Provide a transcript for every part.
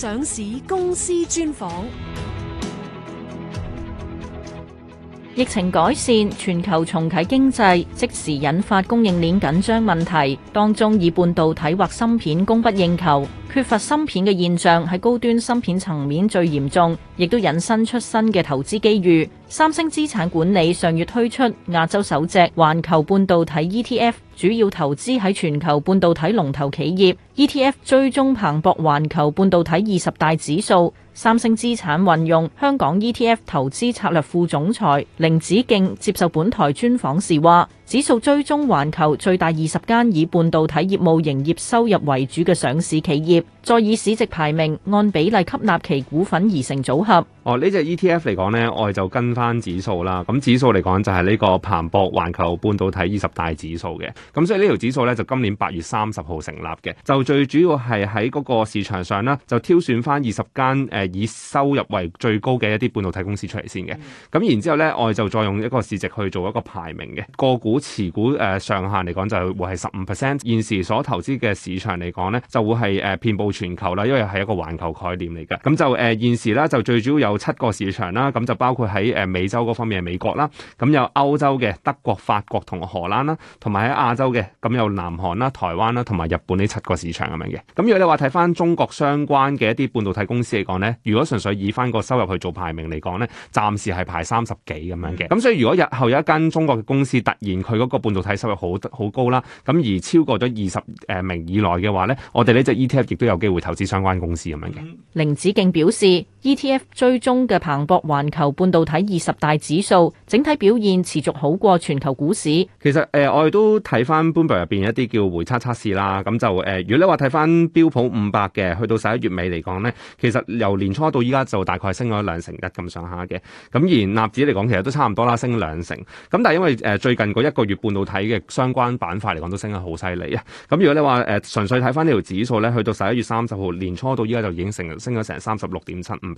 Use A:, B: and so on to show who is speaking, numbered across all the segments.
A: 上市公司專訪。疫情改善，全球重啟經濟，即時引發供應鏈緊張問題，當中以半導體或芯片供不應求，缺乏芯片嘅現象喺高端芯片層面最嚴重，亦都引申出新嘅投資機遇。三星資產管理上月推出亞洲首隻環球半導體 ETF，主要投資喺全球半導體龍頭企業 ETF，追蹤彭博環球半導體二十大指數。三星資產運用香港 ETF 投資策略副總裁凌子敬接受本台專訪時話。指數追蹤環球最大二十間以半導體業務營業收入為主嘅上市企業，再以市值排名按比例吸納其股份而成組合。哦，
B: 這個、呢隻 ETF 嚟講呢，我哋就跟翻指數啦。咁指數嚟講就係呢個彭博環球半導體二十大指數嘅。咁所以呢條指數呢，就今年八月三十號成立嘅，就最主要係喺嗰個市場上啦，就挑選翻二十間誒以收入為最高嘅一啲半導體公司出嚟先嘅。咁然之後呢，我哋就再用一個市值去做一個排名嘅個股。持股誒上限嚟講就係會係十五 percent，現時所投資嘅市場嚟講咧，就會係誒遍佈全球啦，因為係一個環球概念嚟嘅。咁就誒、呃、現時咧就最主要有七個市場啦，咁就包括喺誒美洲嗰方面嘅美國啦，咁有歐洲嘅德國、法國同荷蘭啦，同埋喺亞洲嘅咁有南韓啦、台灣啦同埋日本呢七個市場咁樣嘅。咁如果你話睇翻中國相關嘅一啲半導體公司嚟講咧，如果純粹以翻個收入去做排名嚟講咧，暫時係排三十幾咁樣嘅。咁所以如果日後有一間中國嘅公司突然，佢嗰個半導體收入好好高啦，咁而超過咗二十誒名以內嘅話咧，我哋呢隻 ETF 亦都有機會投資相關公司咁樣嘅。
A: 林子敬表示。ETF 追蹤嘅彭博環球半導體二十大指數，整體表現持續好過全球股市。
B: 其實誒、呃，我哋都睇翻 Bloomberg 入面一啲叫回測測試啦。咁就誒、呃，如果你話睇翻標普五百嘅，去到十一月尾嚟講呢，其實由年初到依家就大概升咗兩成一咁上下嘅。咁而納指嚟講，其實都差唔多啦，升兩成。咁但係因為、呃、最近嗰一個月半導體嘅相關板塊嚟講，都升得好犀利啊。咁如果你話誒純粹睇翻呢條指數咧，去到十一月三十號，年初到依家就已經成升咗成三十六點七五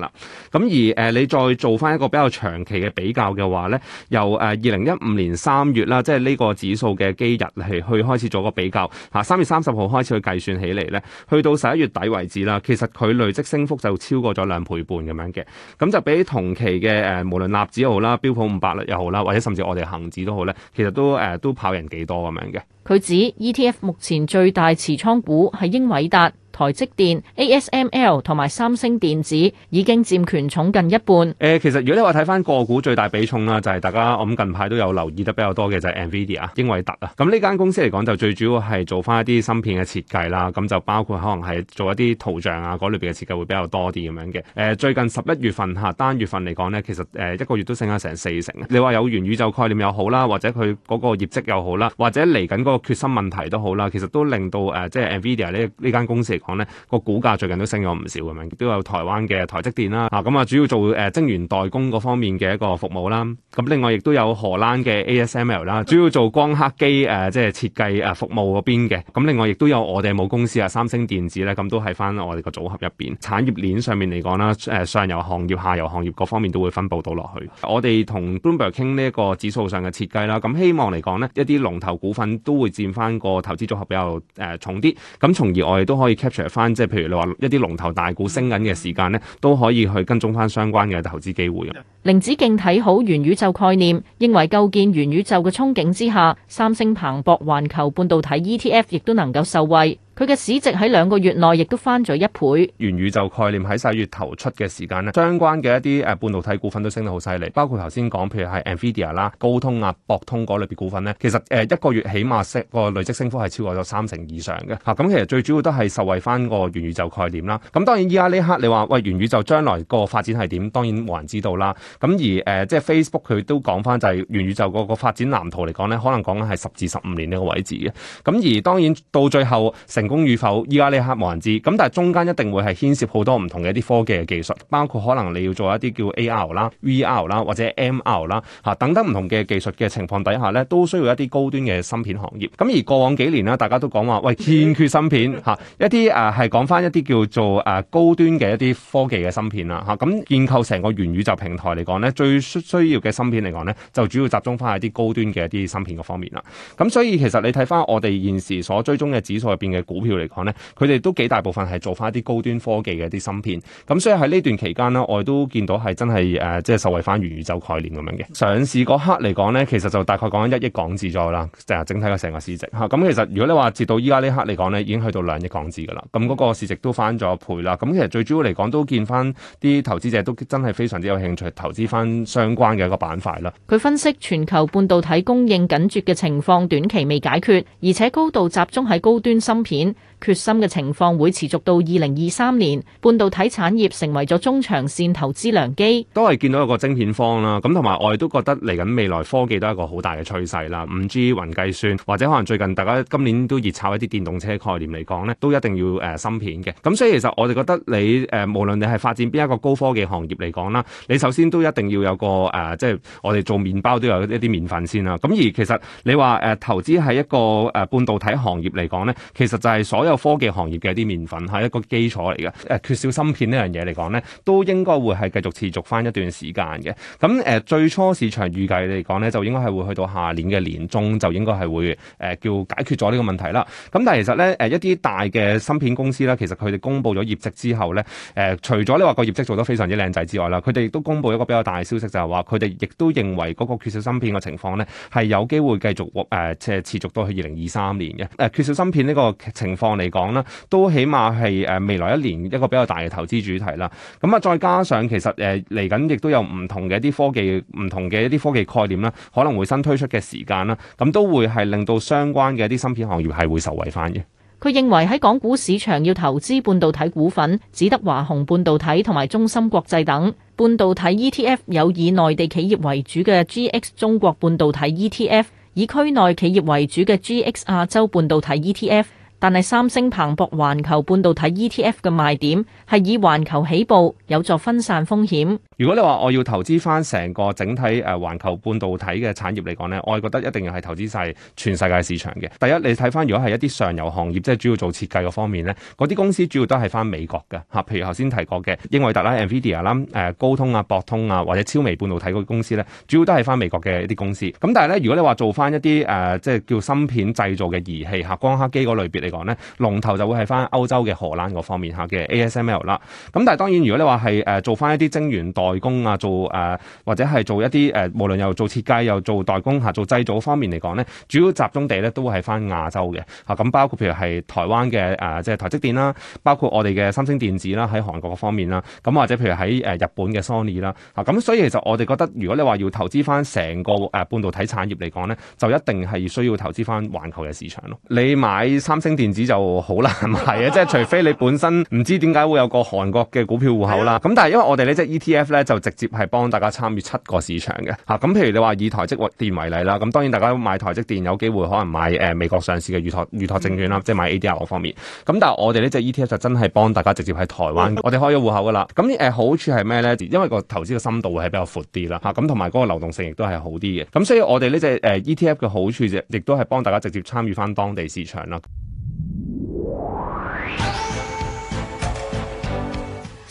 B: 啦，咁而誒，你再做翻一個比較長期嘅比較嘅話咧，由誒二零一五年三月啦，即係呢個指數嘅基日係去開始做個比較，吓三月三十號開始去計算起嚟咧，去到十一月底為止啦，其實佢累積升幅就超過咗兩倍半咁樣嘅，咁就比同期嘅誒，無論納指又好啦，標普五百啦又好啦，或者甚至我哋恒指都好咧，其實都誒都跑贏幾多咁樣嘅。
A: 佢指 ETF 目前最大持倉股係英偉達。台積電、ASML 同埋三星電子已經佔權重近一半。
B: 誒、呃，其實如果你話睇翻個股最大比重啦，就係、是、大家我諗近排都有留意得比較多嘅就係、是、NVIDIA 英偉達啊。咁呢間公司嚟講，就最主要係做翻一啲芯片嘅設計啦。咁就包括可能係做一啲圖像啊嗰裏邊嘅設計會比較多啲咁樣嘅。誒、呃，最近十一月份嚇單月份嚟講呢，其實誒一個月都升咗成四成。你話有元宇宙概念又好啦，或者佢嗰個業績又好啦，或者嚟緊嗰個缺芯問題都好啦，其實都令到誒即、呃、係、就是、NVIDIA 呢呢間公司。講咧個股價最近都升咗唔少咁樣，都有台灣嘅台積電啦，啊咁啊主要做誒晶圓代工嗰方面嘅一個服務啦。咁另外亦都有荷蘭嘅 ASML 啦，主要做光刻機誒即係設計誒服務嗰邊嘅。咁另外亦都有我哋母公司啊，三星電子咧，咁都係翻我哋個組合入邊。產業鏈上面嚟講啦，誒上游行業、下游行業各方面都會分佈到落去。我哋同 Bloomberg 傾呢一個指數上嘅設計啦，咁希望嚟講呢，一啲龍頭股份都會佔翻個投資組合比較誒重啲，咁從而我哋都可以追翻即係譬如你話一啲龍頭大股升緊嘅時間都可以去跟蹤翻相關嘅投資機會嘅。
A: 凌子敬睇好元宇宙概念，認為構建元宇宙嘅憧憬之下，三星、彭博、環球半導體 ETF 亦都能夠受惠。佢嘅市值喺兩個月內亦都翻咗一倍。
B: 元宇宙概念喺十一月頭出嘅時間呢，相關嘅一啲半導體股份都升得好犀利，包括頭先講，譬如係 Nvidia 啦、高通啊、博通嗰類別股份呢，其實一個月起碼升個累積升幅係超過咗三成以上嘅。咁、啊、其實最主要都係受惠翻個元宇宙概念啦。咁、啊、當然依家呢刻你話喂，元宇宙將來個發展係點？當然冇人知道啦。咁、啊、而、啊、即係 Facebook 佢都講翻就係元宇宙個個發展藍圖嚟講呢，可能講緊係十至十五年呢個位置嘅。咁、啊、而當然到最後成功與否，依家呢刻冇人知。咁但係中間一定會係牽涉好多唔同嘅一啲科技嘅技術，包括可能你要做一啲叫 A R 啦、V R 啦或者 M R 啦，吓，等等唔同嘅技術嘅情況底下咧，都需要一啲高端嘅芯片行業。咁而過往幾年啦，大家都講話喂欠缺芯片吓，一啲誒係講翻一啲叫做誒高端嘅一啲科技嘅芯片啦吓。咁建構成個元宇宙平台嚟講咧，最需需要嘅芯片嚟講咧，就主要集中翻喺一啲高端嘅一啲芯片嘅方面啦。咁所以其實你睇翻我哋現時所追蹤嘅指數入邊嘅。股票嚟講呢佢哋都幾大部分係做翻啲高端科技嘅啲芯片，咁所以喺呢段期間呢我哋都見到係真係誒，即係受惠翻元宇宙概念咁樣嘅。上市嗰刻嚟講呢其實就大概講緊一億港紙咗啦，成整體嘅成個市值吓。咁其實如果你話至到依家呢刻嚟講呢已經去到兩億港紙噶啦，咁嗰個市值都翻咗倍啦。咁其實最主要嚟講都見翻啲投資者都真係非常之有興趣投資翻相關嘅一個板塊啦。
A: 佢分析全球半導體供應緊絀嘅情況短期未解決，而且高度集中喺高端芯片。缺芯嘅情況會持續到二零二三年，半導體產業成為咗中長線投資良機。
B: 都係見到一個晶片方啦，咁同埋我亦都覺得嚟緊未來科技都係一個好大嘅趨勢啦。五 G 雲計算或者可能最近大家今年都熱炒一啲電動車概念嚟講咧，都一定要誒芯片嘅。咁所以其實我哋覺得你誒無論你係發展邊一個高科技行業嚟講啦，你首先都一定要有個誒即係我哋做麵包都有一啲麵粉先啦。咁而其實你話誒投資係一個誒半導體行業嚟講咧，其實就係所有。科技行業嘅一啲麵粉係一個基礎嚟嘅，誒缺少芯片這件事來呢樣嘢嚟講咧，都應該會係繼續持續翻一段時間嘅。咁誒最初市場預計嚟講咧，就應該係會去到下年嘅年中，就應該係會誒、呃、叫解決咗呢個問題啦。咁但係其實咧，誒一啲大嘅芯片公司咧，其實佢哋公布咗業績之後咧，誒、呃、除咗你話個業績做得非常之靚仔之外啦，佢哋亦都公布了一個比較大嘅消息，就係話佢哋亦都認為嗰個缺少芯片嘅情況咧，係有機會繼續誒即係持續到去二零二三年嘅誒、呃、缺少芯片呢個情況。嚟講都起碼係誒未來一年一個比較大嘅投資主題啦。咁啊，再加上其實誒嚟緊亦都有唔同嘅一啲科技，唔同嘅一啲科技概念啦，可能會新推出嘅時間啦，咁都會係令到相關嘅一啲芯片行業係會受惠翻嘅。
A: 佢認為喺港股市場要投資半導體股份，只得華虹半導體同埋中芯國際等半導體 ETF 有以內地企業為主嘅 GX 中國半導體 ETF，以區內企業為主嘅 GX 亞洲半導體 ETF。但係三星彭博環球半導體 ETF 嘅賣點係以環球起步，有助分散風險。
B: 如果你話我要投資翻成個整體誒環球半導體嘅產業嚟講咧，我覺得一定要係投資晒全世界市場嘅。第一，你睇翻如果係一啲上游行業，即係主要做設計個方面咧，嗰啲公司主要都係翻美國嘅嚇。譬如頭先提過嘅英偉達啦、NVIDIA 啦、高通啊、博通啊，或者超微半導體嗰啲公司咧，主要都係翻美國嘅一啲公司。咁但係咧，如果你話做翻一啲誒、呃，即係叫芯片製造嘅儀器，嚇，光刻機嗰類別嚟講咧，龍頭就會係翻歐洲嘅荷蘭嗰方面嚇嘅 ASML 啦。咁但係當然，如果你話係做翻一啲晶圓代工啊，做誒、呃、或者係做一啲誒、呃，無論又做設計又做代工吓、啊，做製造方面嚟講咧，主要集中地咧都係翻亞洲嘅吓，咁、嗯、包括譬如係台灣嘅誒，即係台積電啦，包括我哋嘅三星電子啦，喺韓國嗰方面啦。咁、嗯、或者譬如喺誒、呃、日本嘅 Sony 啦。吓、嗯，咁所以其實我哋覺得，如果你話要投資翻成個誒半導體產業嚟講咧，就一定係需要投資翻環球嘅市場咯。你買三星電子就好難買啊， 即係除非你本身唔知點解會有個韓國嘅股票戶口啦。咁 但係因為我哋咧即係 ETF。咧就直接係幫大家參與七個市場嘅吓，咁譬如你話以台積電為例啦，咁當然大家買台積電有機會可能買誒、呃、美國上市嘅預託預託證券啦，即係買 ADR 方面。咁但係我哋呢隻 ETF 就真係幫大家直接喺台灣，我哋開咗戶口噶啦。咁誒、呃、好處係咩咧？因為個投資嘅深度會係比較闊啲啦吓，咁同埋嗰個流動性亦都係好啲嘅。咁所以我哋呢隻誒 ETF 嘅好處就亦都係幫大家直接參與翻當地市場啦。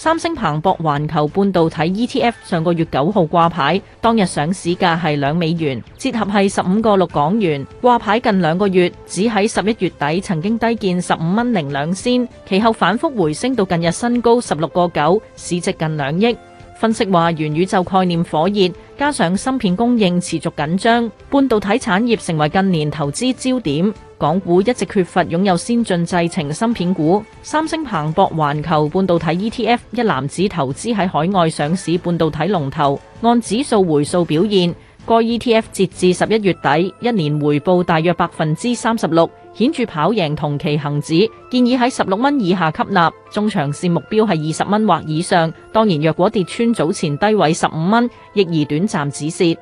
A: 三星彭博環球半導體 ETF 上個月九號掛牌，當日上市價是兩美元，折合是十五個六港元。掛牌近兩個月，只喺十一月底曾經低見十五蚊零兩仙，其後反覆回升到近日新高十六個九，市值近兩億。分析話，元宇宙概念火熱，加上芯片供應持續緊張，半導體產業成為近年投資焦點。港股一直缺乏擁有先進製程芯片股，三星彭博環球半導體 ETF 一籃子投資喺海外上市半導體龍頭，按指數回數表現，個 ETF 截至十一月底一年回報大約百分之三十六。顯著跑贏同期恒指，建議喺十六蚊以下吸納，中長線目標係二十蚊或以上。當然，若果跌穿早前低位十五蚊，亦宜短暫止蝕。